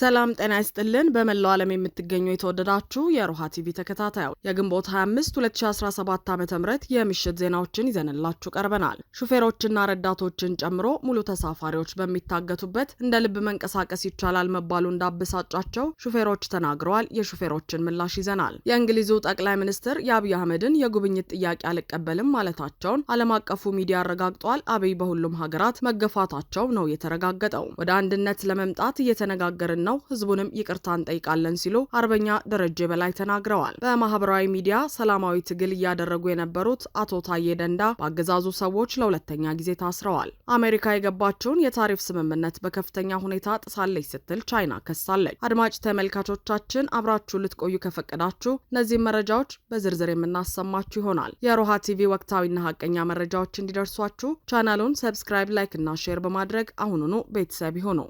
ሰላም ጤና ይስጥልን። በመላው ዓለም የምትገኙ የተወደዳችሁ የሮሃ ቲቪ ተከታታዮች የግንቦት 25 2017 ዓ ም የምሽት ዜናዎችን ይዘንላችሁ ቀርበናል። ሹፌሮችና ረዳቶችን ጨምሮ ሙሉ ተሳፋሪዎች በሚታገቱበት እንደ ልብ መንቀሳቀስ ይቻላል መባሉ እንዳበሳጫቸው ሹፌሮች ተናግረዋል። የሹፌሮችን ምላሽ ይዘናል። የእንግሊዙ ጠቅላይ ሚኒስትር የአብይ አህመድን የጉብኝት ጥያቄ አልቀበልም ማለታቸውን ዓለም አቀፉ ሚዲያ አረጋግጧል። አብይ በሁሉም ሀገራት መገፋታቸው ነው የተረጋገጠው። ወደ አንድነት ለመምጣት እየተነጋገርን ነው። ህዝቡንም ይቅርታ እንጠይቃለን ሲሉ አርበኛ ደረጀ በላይ ተናግረዋል። በማህበራዊ ሚዲያ ሰላማዊ ትግል እያደረጉ የነበሩት አቶ ታዬ ደንዳ በአገዛዙ ሰዎች ለሁለተኛ ጊዜ ታስረዋል። አሜሪካ የገባችውን የታሪፍ ስምምነት በከፍተኛ ሁኔታ ጥሳለች ስትል ቻይና ከሳለች። አድማጭ ተመልካቾቻችን አብራችሁ ልትቆዩ ከፈቀዳችሁ እነዚህም መረጃዎች በዝርዝር የምናሰማችሁ ይሆናል። የሮሃ ቲቪ ወቅታዊና ሀቀኛ መረጃዎች እንዲደርሷችሁ ቻናሉን ሰብስክራይብ፣ ላይክ እና ሼር በማድረግ አሁኑኑ ቤተሰብ ይሁኑ።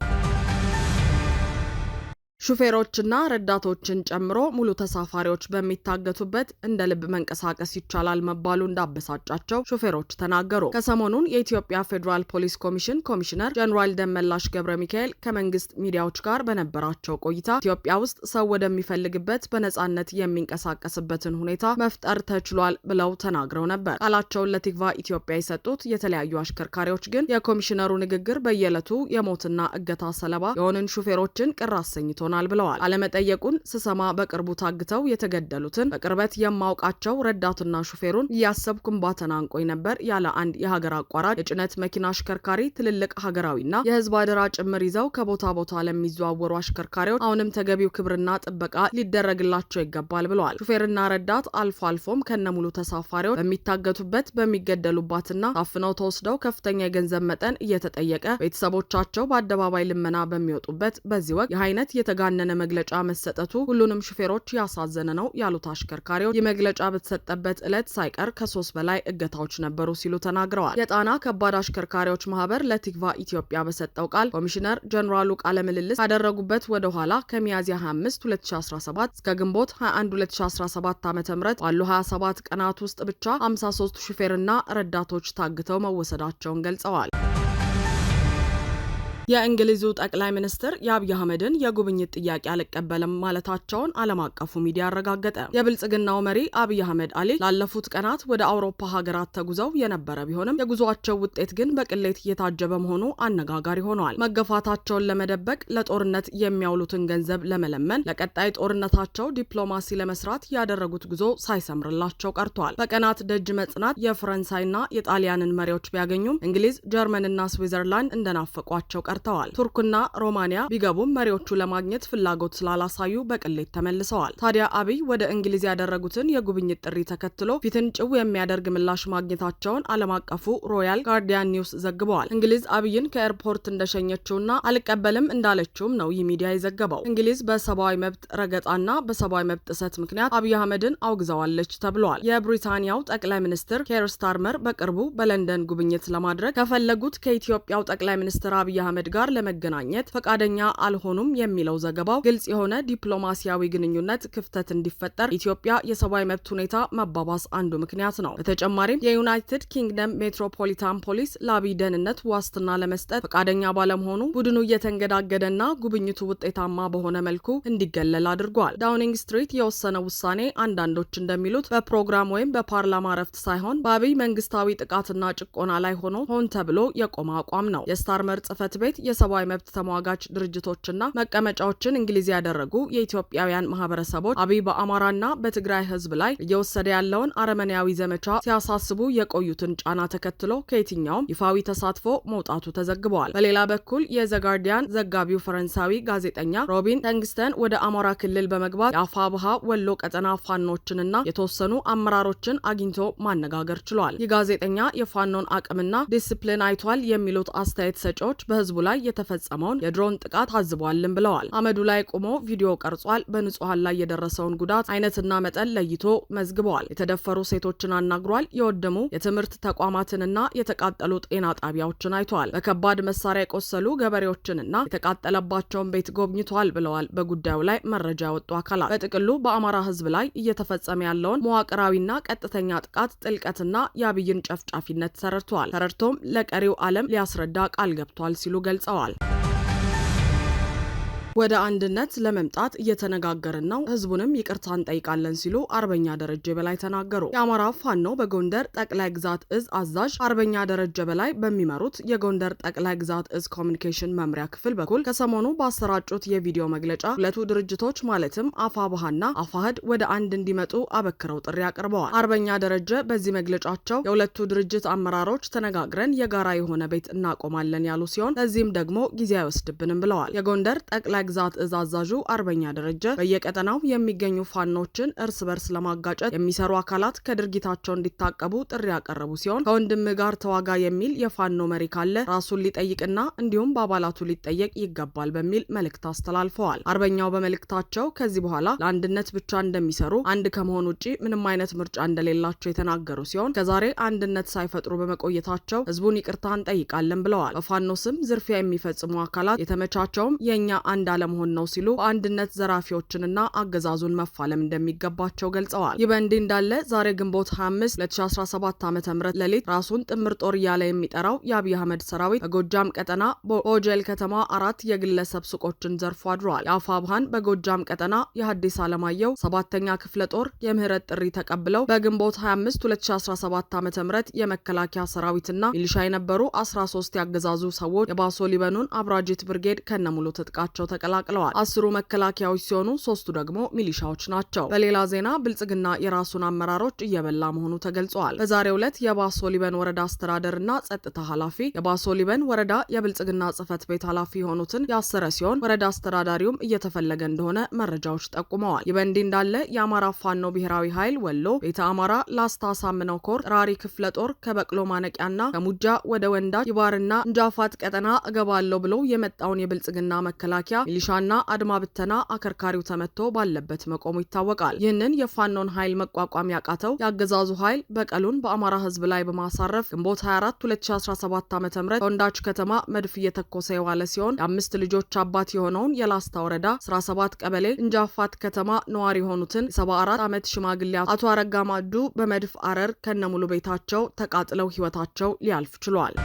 ሹፌሮችና ረዳቶችን ጨምሮ ሙሉ ተሳፋሪዎች በሚታገቱበት እንደ ልብ መንቀሳቀስ ይቻላል መባሉ እንዳበሳጫቸው ሹፌሮች ተናገሩ። ከሰሞኑን የኢትዮጵያ ፌዴራል ፖሊስ ኮሚሽን ኮሚሽነር ጀኔራል ደመላሽ ገብረ ሚካኤል ከመንግስት ሚዲያዎች ጋር በነበራቸው ቆይታ ኢትዮጵያ ውስጥ ሰው ወደሚፈልግበት በነጻነት የሚንቀሳቀስበትን ሁኔታ መፍጠር ተችሏል ብለው ተናግረው ነበር። ቃላቸውን ለቲክቫ ኢትዮጵያ የሰጡት የተለያዩ አሽከርካሪዎች ግን የኮሚሽነሩ ንግግር በየዕለቱ የሞትና እገታ ሰለባ የሆንን ሹፌሮችን ቅር አሰኝቶ ደርሶናል ብለዋል። አለመጠየቁን ስሰማ በቅርቡ ታግተው የተገደሉትን በቅርበት የማውቃቸው ረዳትና ሹፌሩን እያሰብኩ ባተናንቆኝ ነበር ያለ አንድ የሀገር አቋራጭ የጭነት መኪና አሽከርካሪ ትልልቅ ሀገራዊና የህዝብ አደራ ጭምር ይዘው ከቦታ ቦታ ለሚዘዋወሩ አሽከርካሪዎች አሁንም ተገቢው ክብርና ጥበቃ ሊደረግላቸው ይገባል ብለዋል። ሹፌርና ረዳት አልፎ አልፎም ከነሙሉ ተሳፋሪዎች በሚታገቱበት በሚገደሉባትና ታፍነው ተወስደው ከፍተኛ የገንዘብ መጠን እየተጠየቀ ቤተሰቦቻቸው በአደባባይ ልመና በሚወጡበት በዚህ ወቅት የአይነት የተ የተጋነነ መግለጫ መሰጠቱ ሁሉንም ሹፌሮች ያሳዘነ ነው ያሉት አሽከርካሪዎች የመግለጫ መግለጫ በተሰጠበት ዕለት ሳይቀር ከሶስት በላይ እገታዎች ነበሩ ሲሉ ተናግረዋል። የጣና ከባድ አሽከርካሪዎች ማህበር ለቲክቫ ኢትዮጵያ በሰጠው ቃል ኮሚሽነር ጀኔራሉ ቃለ ምልልስ ካደረጉበት ወደ ኋላ ከሚያዝያ 25 2017 እስከ ግንቦት 21 2017 ዓ ም ባሉ 27 ቀናት ውስጥ ብቻ 53 ሹፌርና ረዳቶች ታግተው መወሰዳቸውን ገልጸዋል። የእንግሊዙ ጠቅላይ ሚኒስትር የአብይ አህመድን የጉብኝት ጥያቄ አልቀበልም ማለታቸውን ዓለም አቀፉ ሚዲያ አረጋገጠ። የብልጽግናው መሪ አብይ አህመድ አሊ ላለፉት ቀናት ወደ አውሮፓ ሀገራት ተጉዘው የነበረ ቢሆንም የጉዟቸው ውጤት ግን በቅሌት እየታጀበ መሆኑ አነጋጋሪ ሆነዋል። መገፋታቸውን ለመደበቅ ለጦርነት የሚያውሉትን ገንዘብ ለመለመን ለቀጣይ ጦርነታቸው ዲፕሎማሲ ለመስራት ያደረጉት ጉዞ ሳይሰምርላቸው ቀርቷል። በቀናት ደጅ መጽናት የፈረንሳይና የጣሊያንን መሪዎች ቢያገኙም እንግሊዝ፣ ጀርመንና ስዊዘርላንድ እንደናፈቋቸው ቀር ቀርተዋል። ቱርክና ሮማንያ ቢገቡም መሪዎቹ ለማግኘት ፍላጎት ስላላሳዩ በቅሌት ተመልሰዋል። ታዲያ አብይ ወደ እንግሊዝ ያደረጉትን የጉብኝት ጥሪ ተከትሎ ፊትን ጭው የሚያደርግ ምላሽ ማግኘታቸውን ዓለም አቀፉ ሮያል ጋርዲያን ኒውስ ዘግበዋል። እንግሊዝ አብይን ከኤርፖርት እንደሸኘችውና አልቀበልም እንዳለችውም ነው ይህ ሚዲያ የዘገበው። እንግሊዝ በሰብአዊ መብት ረገጣና በሰብአዊ መብት ጥሰት ምክንያት አብይ አህመድን አውግዘዋለች ተብሏል። የብሪታንያው ጠቅላይ ሚኒስትር ኬር ስታርመር በቅርቡ በለንደን ጉብኝት ለማድረግ ከፈለጉት ከኢትዮጵያው ጠቅላይ ሚኒስትር አብይ አህመድ መሐመድ ጋር ለመገናኘት ፈቃደኛ አልሆኑም የሚለው ዘገባው ግልጽ የሆነ ዲፕሎማሲያዊ ግንኙነት ክፍተት እንዲፈጠር ኢትዮጵያ የሰብአዊ መብት ሁኔታ መባባስ አንዱ ምክንያት ነው። በተጨማሪም የዩናይትድ ኪንግደም ሜትሮፖሊታን ፖሊስ ላቢ ደህንነት ዋስትና ለመስጠት ፈቃደኛ ባለመሆኑ ቡድኑ እየተንገዳገደና ጉብኝቱ ውጤታማ በሆነ መልኩ እንዲገለል አድርጓል። ዳውኒንግ ስትሪት የወሰነ ውሳኔ አንዳንዶች እንደሚሉት በፕሮግራም ወይም በፓርላማ ረፍት ሳይሆን በአብይ መንግስታዊ ጥቃትና ጭቆና ላይ ሆኖ ሆን ተብሎ የቆመ አቋም ነው። የስታርመር ጽህፈት ቤት ቤት የሰብአዊ መብት ተሟጋች ድርጅቶችና መቀመጫዎችን እንግሊዝ ያደረጉ የኢትዮጵያውያን ማህበረሰቦች አብይ በአማራና በትግራይ ህዝብ ላይ እየወሰደ ያለውን አረመኔያዊ ዘመቻ ሲያሳስቡ የቆዩትን ጫና ተከትሎ ከየትኛውም ይፋዊ ተሳትፎ መውጣቱ ተዘግበዋል። በሌላ በኩል የዘጋርዲያን ዘጋቢው ፈረንሳዊ ጋዜጠኛ ሮቢን ተንግስተን ወደ አማራ ክልል በመግባት የአፋ ብሃ ወሎ ቀጠና ፋኖችንና የተወሰኑ አመራሮችን አግኝቶ ማነጋገር ችሏል። ይህ ጋዜጠኛ የፋኖን አቅምና ዲስፕሊን አይቷል የሚሉት አስተያየት ሰጪዎች በህዝቡ ላይ የተፈጸመውን የድሮን ጥቃት አዝቧልም ብለዋል። አመዱ ላይ ቆሞ ቪዲዮ ቀርጿል። በንጹሐን ላይ የደረሰውን ጉዳት አይነትና መጠን ለይቶ መዝግበዋል። የተደፈሩ ሴቶችን አናግሯል። የወደሙ የትምህርት ተቋማትንና የተቃጠሉ ጤና ጣቢያዎችን አይተዋል። በከባድ መሳሪያ የቆሰሉ ገበሬዎችንና የተቃጠለባቸውን ቤት ጎብኝተዋል ብለዋል። በጉዳዩ ላይ መረጃ ያወጡ አካላት በጥቅሉ በአማራ ህዝብ ላይ እየተፈጸመ ያለውን መዋቅራዊና ቀጥተኛ ጥቃት ጥልቀትና የአብይን ጨፍጫፊነት ተረድተዋል። ተረድቶም ለቀሪው ዓለም ሊያስረዳ ቃል ገብቷል ሲሉ ገልጸዋል። ወደ አንድነት ለመምጣት እየተነጋገርን ነው፣ ህዝቡንም ይቅርታ እንጠይቃለን ሲሉ አርበኛ ደረጀ በላይ ተናገሩ። የአማራ ፋኖ በጎንደር ጠቅላይ ግዛት እዝ አዛዥ አርበኛ ደረጀ በላይ በሚመሩት የጎንደር ጠቅላይ ግዛት እዝ ኮሚኒኬሽን መምሪያ ክፍል በኩል ከሰሞኑ ባሰራጩት የቪዲዮ መግለጫ ሁለቱ ድርጅቶች ማለትም አፋብኃና አፋህድ ወደ አንድ እንዲመጡ አበክረው ጥሪ አቅርበዋል። አርበኛ ደረጀ በዚህ መግለጫቸው የሁለቱ ድርጅት አመራሮች ተነጋግረን የጋራ የሆነ ቤት እናቆማለን ያሉ ሲሆን ለዚህም ደግሞ ጊዜ አይወስድብንም ብለዋል። የጎንደር ጠቅላይ ግዛት እዝ አዛዡ አርበኛ ደረጀ በየቀጠናው የሚገኙ ፋኖችን እርስ በርስ ለማጋጨት የሚሰሩ አካላት ከድርጊታቸው እንዲታቀቡ ጥሪ ያቀረቡ ሲሆን ከወንድም ጋር ተዋጋ የሚል የፋኖ መሪ ካለ ራሱን ሊጠይቅና እንዲሁም በአባላቱ ሊጠየቅ ይገባል በሚል መልእክት አስተላልፈዋል። አርበኛው በመልእክታቸው ከዚህ በኋላ ለአንድነት ብቻ እንደሚሰሩ አንድ ከመሆን ውጭ ምንም አይነት ምርጫ እንደሌላቸው የተናገሩ ሲሆን ከዛሬ አንድነት ሳይፈጥሩ በመቆየታቸው ህዝቡን ይቅርታ እንጠይቃለን ብለዋል። በፋኖ ስም ዝርፊያ የሚፈጽሙ አካላት የተመቻቸውም የእኛ አንድ ያለመሆን ነው ሲሉ በአንድነት ዘራፊዎችንና አገዛዙን መፋለም እንደሚገባቸው ገልጸዋል። ይህ በእንዲህ እንዳለ ዛሬ ግንቦት 25 2017 ዓ ም ሌሊት ራሱን ጥምር ጦር እያለ የሚጠራው የአብይ አህመድ ሰራዊት በጎጃም ቀጠና በኦጀል ከተማ አራት የግለሰብ ሱቆችን ዘርፎ አድሯል። የአፋ ብሃን በጎጃም ቀጠና የሀዲስ አለማየሁ ሰባተኛ ክፍለ ጦር የምህረት ጥሪ ተቀብለው በግንቦት 25 2017 ዓ ም የመከላከያ ሰራዊትና ሚሊሻ የነበሩ 13 ያገዛዙ ሰዎች የባሶ ሊበኑን አብራጅት ብርጌድ ከነሙሉ ትጥቃቸው ተቀ ተቀላቅለዋል። አስሩ መከላከያዎች ሲሆኑ ሶስቱ ደግሞ ሚሊሻዎች ናቸው። በሌላ ዜና ብልጽግና የራሱን አመራሮች እየበላ መሆኑ ተገልጿል። በዛሬው ዕለት የባሶ ሊበን ወረዳ አስተዳደርና ጸጥታ ኃላፊ የባሶ ሊበን ወረዳ የብልጽግና ጽህፈት ቤት ኃላፊ የሆኑትን ያሰረ ሲሆን ወረዳ አስተዳዳሪውም እየተፈለገ እንደሆነ መረጃዎች ጠቁመዋል። ይህ በእንዲህ እንዳለ የአማራ ፋኖ ብሔራዊ ኃይል ወሎ ቤተ አማራ ላስታ ሳምነው ኮር ራሪ ክፍለ ጦር ከበቅሎ ማነቂያና ከሙጃ ወደ ወንዳጅ ይባርና እንጃፋት ቀጠና እገባለሁ ብሎ የመጣውን የብልጽግና መከላከያ ሚሊሻና አድማ ብተና አከርካሪው ተመቶ ባለበት መቆሙ ይታወቃል። ይህንን የፋኖን ኃይል መቋቋም ያቃተው የአገዛዙ ኃይል በቀሉን በአማራ ህዝብ ላይ በማሳረፍ ግንቦት 24 2017 ዓ ም ከተማ መድፍ እየተኮሰ የዋለ ሲሆን የአምስት ልጆች አባት የሆነውን የላስታ ወረዳ 17 ቀበሌ እንጃፋት ከተማ ነዋሪ የሆኑትን 74 ዓመት ሽማግሌ አቶ አረጋ ማዱ በመድፍ አረር ከነሙሉ ቤታቸው ተቃጥለው ህይወታቸው ሊያልፍ ችሏል።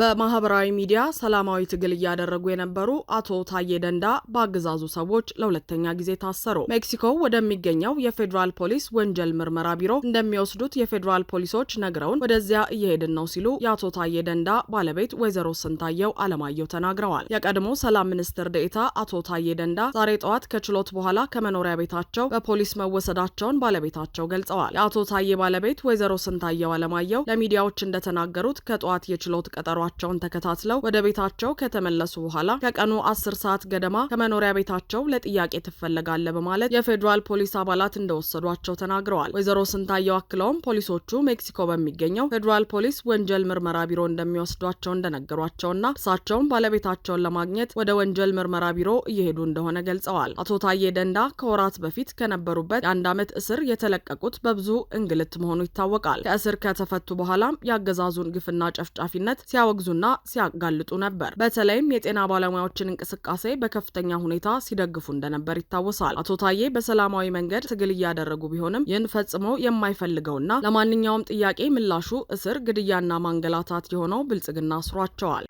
በማህበራዊ ሚዲያ ሰላማዊ ትግል እያደረጉ የነበሩ አቶ ታዬ ደንዳ በአገዛዙ ሰዎች ለሁለተኛ ጊዜ ታሰሩ። ሜክሲኮ ወደሚገኘው የፌዴራል ፖሊስ ወንጀል ምርመራ ቢሮ እንደሚወስዱት የፌዴራል ፖሊሶች ነግረውን ወደዚያ እየሄድን ነው ሲሉ የአቶ ታዬ ደንዳ ባለቤት ወይዘሮ ስንታየው አለማየሁ ተናግረዋል። የቀድሞ ሰላም ሚኒስትር ዴኤታ አቶ ታዬ ደንዳ ዛሬ ጠዋት ከችሎት በኋላ ከመኖሪያ ቤታቸው በፖሊስ መወሰዳቸውን ባለቤታቸው ገልጸዋል። የአቶ ታዬ ባለቤት ወይዘሮ ስንታየው አለማየሁ ለሚዲያዎች እንደተናገሩት ከጠዋት የችሎት ቀጠሯ መሆናቸውን ተከታትለው ወደ ቤታቸው ከተመለሱ በኋላ ከቀኑ አስር ሰዓት ገደማ ከመኖሪያ ቤታቸው ለጥያቄ ትፈለጋለ በማለት የፌዴራል ፖሊስ አባላት እንደወሰዷቸው ተናግረዋል። ወይዘሮ ስንታየው አክለውም ፖሊሶቹ ሜክሲኮ በሚገኘው ፌዴራል ፖሊስ ወንጀል ምርመራ ቢሮ እንደሚወስዷቸው እንደነገሯቸውና እሳቸውም ባለቤታቸውን ለማግኘት ወደ ወንጀል ምርመራ ቢሮ እየሄዱ እንደሆነ ገልጸዋል። አቶ ታዬ ደንዳ ከወራት በፊት ከነበሩበት የአንድ ዓመት እስር የተለቀቁት በብዙ እንግልት መሆኑ ይታወቃል። ከእስር ከተፈቱ በኋላም የአገዛዙን ግፍና ጨፍጫፊነት ሲያወግ ሲያወግዙና ሲያጋልጡ ነበር። በተለይም የጤና ባለሙያዎችን እንቅስቃሴ በከፍተኛ ሁኔታ ሲደግፉ እንደነበር ይታወሳል። አቶ ታዬ በሰላማዊ መንገድ ትግል እያደረጉ ቢሆንም ይህን ፈጽሞ የማይፈልገውና ለማንኛውም ጥያቄ ምላሹ እስር፣ ግድያና ማንገላታት የሆነው ብልጽግና አስሯቸዋል።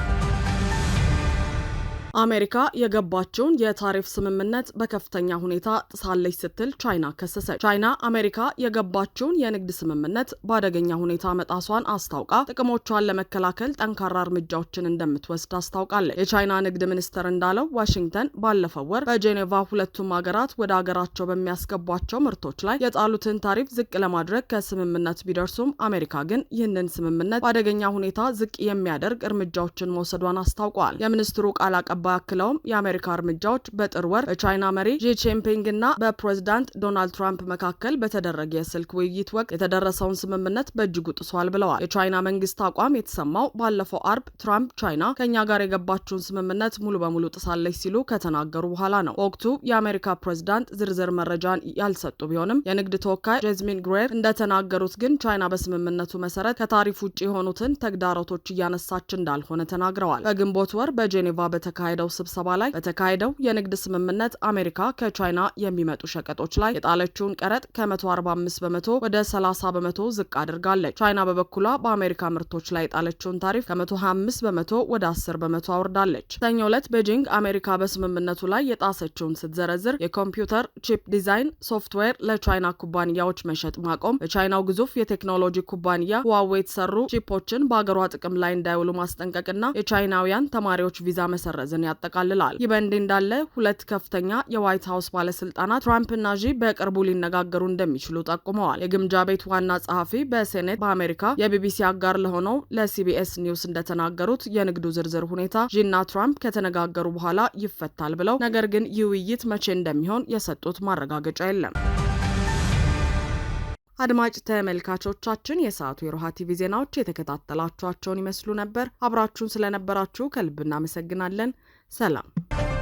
አሜሪካ የገባችውን የታሪፍ ስምምነት በከፍተኛ ሁኔታ ጥሳለች ስትል ቻይና ከሰሰች። ቻይና አሜሪካ የገባችውን የንግድ ስምምነት በአደገኛ ሁኔታ መጣሷን አስታውቃ ጥቅሞቿን ለመከላከል ጠንካራ እርምጃዎችን እንደምትወስድ አስታውቃለች። የቻይና ንግድ ሚኒስትር እንዳለው ዋሽንግተን ባለፈው ወር በጄኔቫ ሁለቱም ሀገራት ወደ ሀገራቸው በሚያስገቧቸው ምርቶች ላይ የጣሉትን ታሪፍ ዝቅ ለማድረግ ከስምምነት ቢደርሱም አሜሪካ ግን ይህንን ስምምነት በአደገኛ ሁኔታ ዝቅ የሚያደርግ እርምጃዎችን መውሰዷን አስታውቀዋል። የሚኒስትሩ ቃል አቀ አባይ አክለውም የአሜሪካ እርምጃዎች በጥር ወር በቻይና መሪ ዢ ጂንፒንግ እና በፕሬዚዳንት ዶናልድ ትራምፕ መካከል በተደረገ የስልክ ውይይት ወቅት የተደረሰውን ስምምነት በእጅጉ ጥሷል ብለዋል። የቻይና መንግስት አቋም የተሰማው ባለፈው አርብ ትራምፕ ቻይና ከእኛ ጋር የገባችውን ስምምነት ሙሉ በሙሉ ጥሳለች ሲሉ ከተናገሩ በኋላ ነው። በወቅቱ የአሜሪካ ፕሬዚዳንት ዝርዝር መረጃን ያልሰጡ ቢሆንም የንግድ ተወካይ ጄዝሚን ግሬር እንደተናገሩት ግን ቻይና በስምምነቱ መሰረት ከታሪፍ ውጭ የሆኑትን ተግዳሮቶች እያነሳች እንዳልሆነ ተናግረዋል። በግንቦት ወር በጄኔቫ በተካሄደ በተካሄደው ስብሰባ ላይ በተካሄደው የንግድ ስምምነት አሜሪካ ከቻይና የሚመጡ ሸቀጦች ላይ የጣለችውን ቀረጥ ከ145 በመቶ ወደ 30 በመቶ ዝቅ አድርጋለች። ቻይና በበኩሏ በአሜሪካ ምርቶች ላይ የጣለችውን ታሪፍ ከ125 በመቶ ወደ 10 በመቶ አውርዳለች። ሰኞ ዕለት ቤጂንግ አሜሪካ በስምምነቱ ላይ የጣሰችውን ስትዘረዝር የኮምፒውተር ቺፕ ዲዛይን ሶፍትዌር ለቻይና ኩባንያዎች መሸጥ ማቆም፣ በቻይናው ግዙፍ የቴክኖሎጂ ኩባንያ ዋዌ የተሰሩ ቺፖችን በአገሯ ጥቅም ላይ እንዳይውሉ ማስጠንቀቅና የቻይናውያን ተማሪዎች ቪዛ መሰረዝን ሀገራትን ያጠቃልላል። ይህ በእንዲህ እንዳለ ሁለት ከፍተኛ የዋይት ሀውስ ባለስልጣናት ትራምፕና ዢ በቅርቡ ሊነጋገሩ እንደሚችሉ ጠቁመዋል። የግምጃ ቤት ዋና ጸሐፊ በሴኔት በአሜሪካ የቢቢሲ አጋር ለሆነው ለሲቢኤስ ኒውስ እንደተናገሩት የንግዱ ዝርዝር ሁኔታ ዢና ትራምፕ ከተነጋገሩ በኋላ ይፈታል ብለው ነገር ግን ይህ ውይይት መቼ እንደሚሆን የሰጡት ማረጋገጫ የለም። አድማጭ ተመልካቾቻችን የሰዓቱ የሮሃ ቲቪ ዜናዎች የተከታተላችኋቸውን ይመስሉ ነበር። አብራችሁን ስለነበራችሁ ከልብ እናመሰግናለን። ሰላም